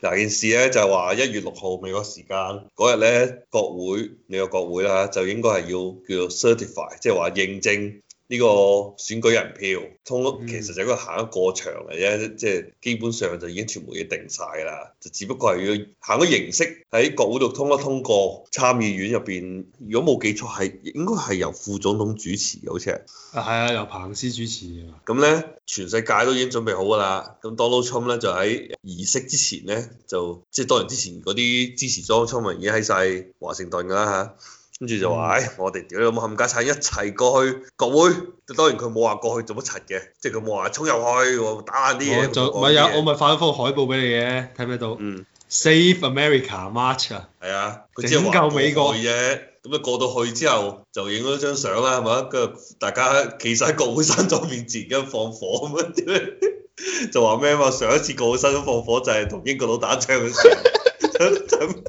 第二件事咧，就係話一月六號美國時間嗰日咧，國會美國國會啦，就應該係要叫做 certify，即係話認證。呢個選舉人票通咗，其實就一個行一個場嚟，啫、嗯，即係基本上就已經全部嘢定曬啦，就只不過係要行個形式喺國會度通一通過，通過參議院入邊，如果冇記錯係應該係由副總統主持，好似係。啊，係啊，由彭斯主持。咁咧，全世界都已經準備好㗎啦。咁 Donald Trump 咧就喺儀式之前咧，就即係、就是、當然之前嗰啲支持 Trump 嘅人已經喺晒華盛頓㗎啦嚇。跟住、嗯、就話，唉、哎，我哋屌你老母冚家鏟，一齊過去國會。當然佢冇話過去做乜柒嘅，即係佢冇話衝入去打爛啲嘢。就唔係呀，嗯、我咪發咗幅海報俾你嘅，睇唔睇到？嗯，Save America March 啊，係啊，拯救美國。咁啊過到去之後就影咗張相啦，係咪？跟住大家企曬喺國會山莊面前，跟住放火咁樣， 就話咩啊嘛？上一次國會山都放火就係同英國佬打仗嘅時候。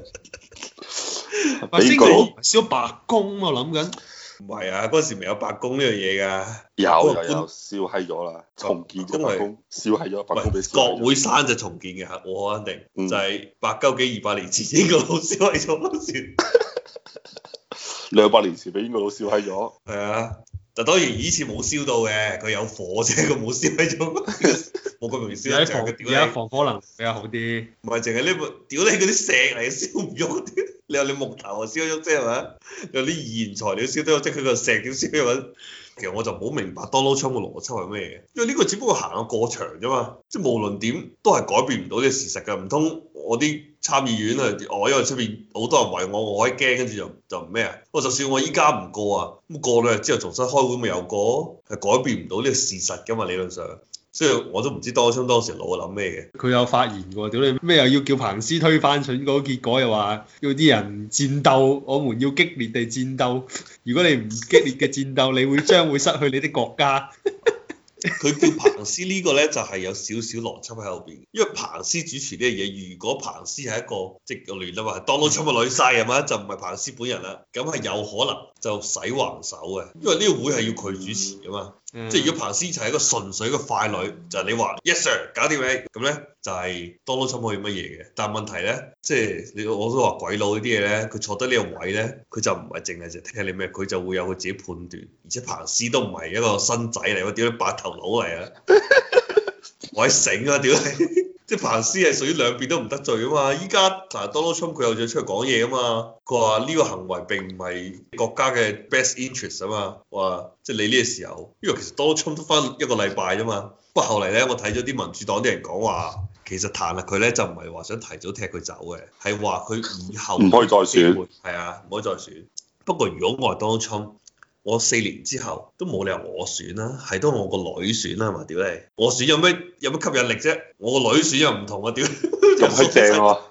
英個佬燒白宮，我諗緊，唔係啊，嗰、啊、時未有白宮呢樣嘢噶，有又燒閪咗啦，重建白宮，燒閪咗白宮俾國會山就重建嘅吓，我肯定、嗯、就係百鳩幾二百年前呢個老燒閪咗，兩百 年前俾呢個老燒閪咗，係 啊，但當然以前冇燒到嘅，佢有火啫，佢冇燒閪咗，冇咁容易燒。而家防火能力比較好啲，唔係淨係呢部屌你嗰啲石嚟燒唔喐。你有你木頭燒咗啫係嘛？有啲易燃材料燒都得，即係佢個石要燒係嘛？其實我就唔好明白 Donald Trump 嘅邏輯係咩嘅？因為呢個只不過行個過場啫嘛。即係無論點都係改變唔到呢個事實㗎。唔通我啲參議院啊？我、哦、因為出邊好多人為我，我一驚跟住就就咩啊？我就算我依家唔過啊，咁過咧之後重新開會咪又過？係改變唔到呢個事實㗎嘛？理論上。即係我都唔知多昌當時腦喎諗咩嘅。佢有發言過，屌你咩又要叫彭斯推翻選舉結果又，又話要啲人戰鬥，我們要激烈地戰鬥。如果你唔激烈嘅戰鬥， 你會將會失去你啲國家。佢 叫彭斯呢個咧就係、是、有少少邏輯喺後邊，因為彭斯主持呢嘢。如果彭斯係一個即係、就是、亂啊嘛，當到出個女曬係嘛，就唔係彭斯本人啦。咁係有可能就洗橫手嘅，因為呢個會係要佢主持嘅嘛。嗯、即係如果彭斯就係一個純粹嘅個傀儡，就係、你話 yes sir 搞掂你」咁咧就係多多少少可以乜嘢嘅。但係問題咧，即係你我都話鬼佬呢啲嘢咧，佢坐得呢個位咧，佢就唔係淨係就聽你咩，佢就會有佢自己判斷。而且彭斯都唔係一個新仔嚟，我屌你白頭佬嚟啊！我係醒啊，屌你！啲彭斯係屬於兩邊都唔得罪啊嘛！依家嗱，Donald Trump 佢又咗出嚟講嘢啊嘛，佢話呢個行為並唔係國家嘅 best interest 啊嘛，話即係你呢個時候，因為其實 Donald Trump 都翻一個禮拜啫嘛。不過後嚟咧，我睇咗啲民主黨啲人講話，其實彈劾佢咧就唔係話想提早踢佢走嘅，係話佢以後唔可以再選，係啊，唔可以再選。不過如果我係 Donald Trump。我四年之後都冇理由我選啦，啊，係都我個女選啦，啊，係嘛？屌你！我選有咩有咩吸引力啫？我個女選又唔同啊！屌仲衰正喎！啊，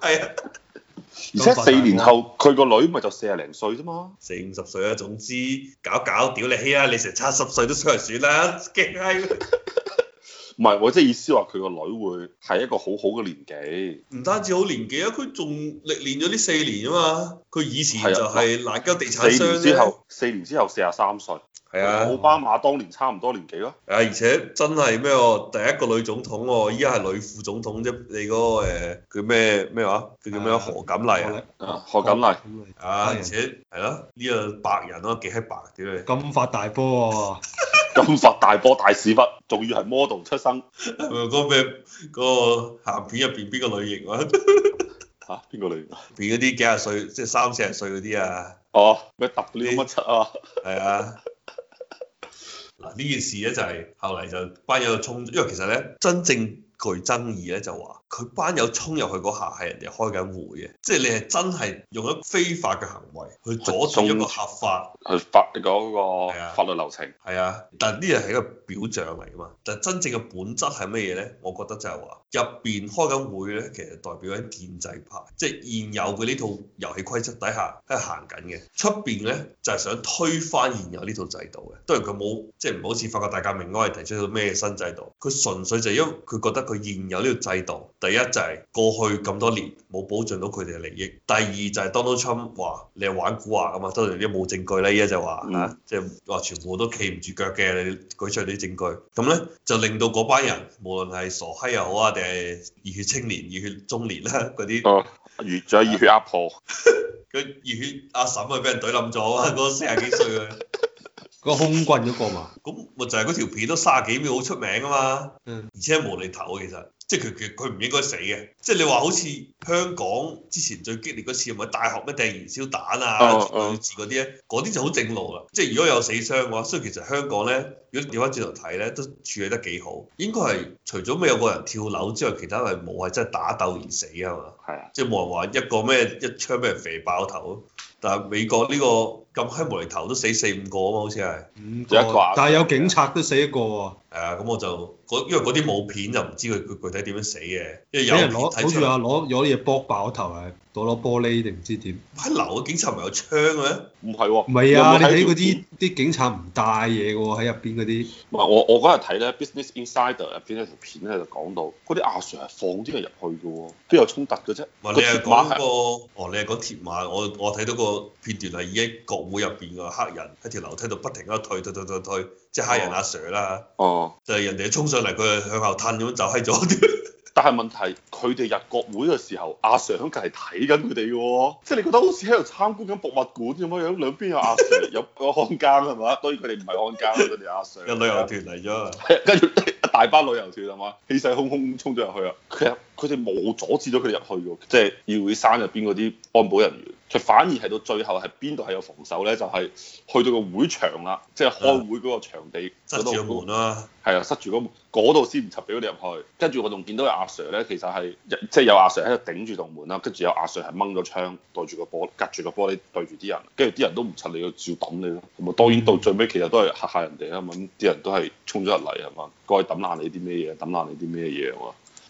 而且四年後佢個女咪就四十零歲啫嘛，四五十歲啊！總之搞搞，屌你閪啊！你成七十歲都出嚟選啦，勁閪！唔係，我即係意思話佢個女會係一個好好嘅年紀。唔單止好年紀啊，佢仲歷練咗呢四年啊嘛。佢以前就係嗱鳩地產商。四年之後，四年之後四十三歲。係啊，奧巴馬當年差唔多年紀咯。啊，而且真係咩喎？第一個女總統喎，依家係女副總統啫。你嗰個誒叫咩咩話？佢叫咩？何錦麗啊？何錦麗啊？而且係咯，呢個白人咯，幾黑白啲你。咁發大波喎！金髮大波大屎忽，仲要係 model 出生。嗰咩？嗰、嗰個鹹片入邊邊個類型啊？嚇 啊，邊個類型、啊？型？邊嗰啲幾廿歲，即係三四十歲嗰啲啊？哦，咩突料乜柒啊？係啊，嗱 呢、啊啊、件事咧就係、是、後嚟就關於個衝擊，因為其實咧真正具爭議咧就話。佢班友衝入去嗰下係人哋開緊會嘅，即係你係真係用一非法嘅行為去阻住一個合法去法嗰個法律流程。係啊，但係呢樣係一個表象嚟㗎嘛。但係真正嘅本質係乜嘢咧？我覺得就係話入邊開緊會咧，其實代表緊建制派，即係現有嘅呢套遊戲規則底下喺行緊嘅。出邊咧就係、是、想推翻現有呢套制度嘅，當然，佢冇即係唔好似法國大革命唔係提出咗咩新制度，佢純粹就係因為佢覺得佢現有呢個制度。第一就係過去咁多年冇保障到佢哋嘅利益，第二就係 Donald Trump 話你係玩古惑㗎嘛，當然而家冇證據啦，而家就話嚇，即係話全部都企唔住腳嘅，你舉出啲證據，咁咧就令到嗰班人無論係傻閪又好啊，定係熱血青年、熱血中年啦嗰啲，哦，熱咗有熱血阿婆，個 熱血阿嬸啊，俾人懟冧咗啊，嗰四廿幾歲嘅，嗰空軍都過埋，咁咪就係嗰條片都卅幾秒好出名啊嘛，嗯，而且無厘頭其實。即係佢佢佢唔應該死嘅，即係你話好似香港之前最激烈嗰次係咪大學咩掟燃燒彈啊，嗰啲嗰啲就好正路啦。即係如果有死傷嘅話，所以其實香港咧，如果調翻轉頭睇咧，都處理得幾好。應該係除咗未有個人跳樓之外，其他係冇係真係打鬥而死啊嘛。係啊，oh, oh, oh. 即係冇人話一個咩一槍咩肥爆頭，但係美國呢個。咁閪無厘頭都死四五個啊嘛，好似係，一掛。但係有警察都死一個喎。係啊，咁我就因為嗰啲冇片就唔知佢佢具體點樣死嘅。因為有人攞好似話攞攞嘢搏爆頭啊，攞攞玻璃定唔知點。喺樓嘅警察唔係有槍嘅咩？唔係喎。唔係啊！你睇嗰啲啲警察唔帶嘢嘅喎，喺入邊嗰啲。唔係我我嗰日睇咧《Business Insider》入邊咧條片咧就講到，嗰啲阿 Sir 係放啲人入去嘅喎，都有衝突嘅啫。你係講個哦？你係講鐵馬？我我睇到個片段係已經會入邊個黑人喺條樓梯度不停咁退退退退，即係黑人阿 Sir 啦。哦，就係人哋衝上嚟，佢向後褪咁走喺左邊。但係問題，佢哋入國會嘅時候，阿 Sir 響隔籬睇緊佢哋嘅，即係你覺得好似喺度參觀緊博物館咁樣樣，兩邊有阿 Sir 入個看監係嘛？當然佢哋唔係看監，佢哋阿 Sir。有旅遊團嚟咗，跟住一大班旅遊團係嘛，氣勢洶洶衝咗入去啊！佢佢哋冇阻止咗佢哋入去嘅，即係議會山入邊嗰啲安保人員。佢反而係到最後係邊度係有防守咧？就係、是、去到個會場啦，即係開會嗰個場地，yeah, 塞住門啦、啊。係啊，塞住個門，嗰度先唔插俾你入去。跟住我仲見到阿 Sir 咧，其實係即係有阿 Sir 喺度頂住棟門啦。跟住有阿 Sir 係掹咗槍，對住個玻璃隔住個玻璃對住啲人。跟住啲人都唔出你，要照揼你咯。咁啊，當然到最尾其實都係嚇嚇人哋啦。嘛。啲人都係衝咗入嚟啊嘛，該揼爛你啲咩嘢？揼爛你啲咩嘢？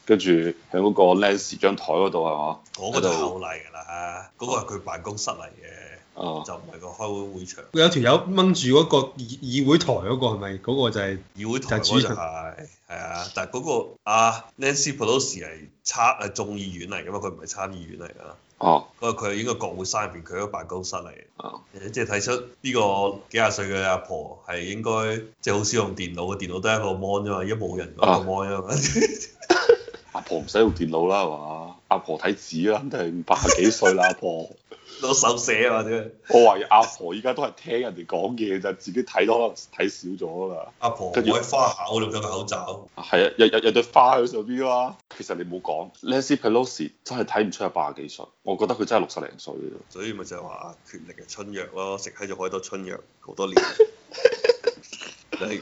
跟住喺嗰個 Nancy 張台嗰度係嘛？嗰個係好例㗎啦嚇，嗰、那個係佢辦公室嚟嘅，啊、就唔係個開會會場。有條友掹住嗰個議議會台嗰、那個係咪？嗰、那個就係、是、議會台嗰個就係、是，係啊！但係嗰、那個阿 Nancy Pelosi 係參眾議院嚟㗎嘛，佢唔係參議院嚟㗎。哦。嗰佢係應該國會山入邊佢嘅辦公室嚟。嘅、啊。即係睇出呢個幾廿歲嘅阿婆係應該即係好少用電腦嘅，電腦都係一個 mon 啫嘛，一冇人個 mon 啫 阿婆唔使用，用電腦啦，係嘛？阿婆睇紙啦，肯定係八十幾歲啦，阿婆攞手寫嘛啫。我懷疑阿婆依家都係聽人哋講嘢，就自己睇多睇少咗啦。阿婆跟住喺花下嗰度咗個口罩。係啊，有有有朵花喺上邊啊嘛。其實你冇講，Leslie Pelosi 真係睇唔出係八十幾歲，我覺得佢真係六十零歲。所以咪就係話權力嘅春藥咯，食喺咗好多春藥好多年。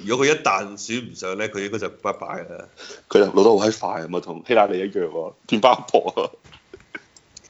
如果佢一旦選唔上咧，佢應該就拜拜啦。佢就老得好閪快，啊嘛，同希拉里一樣喎，變巴婆。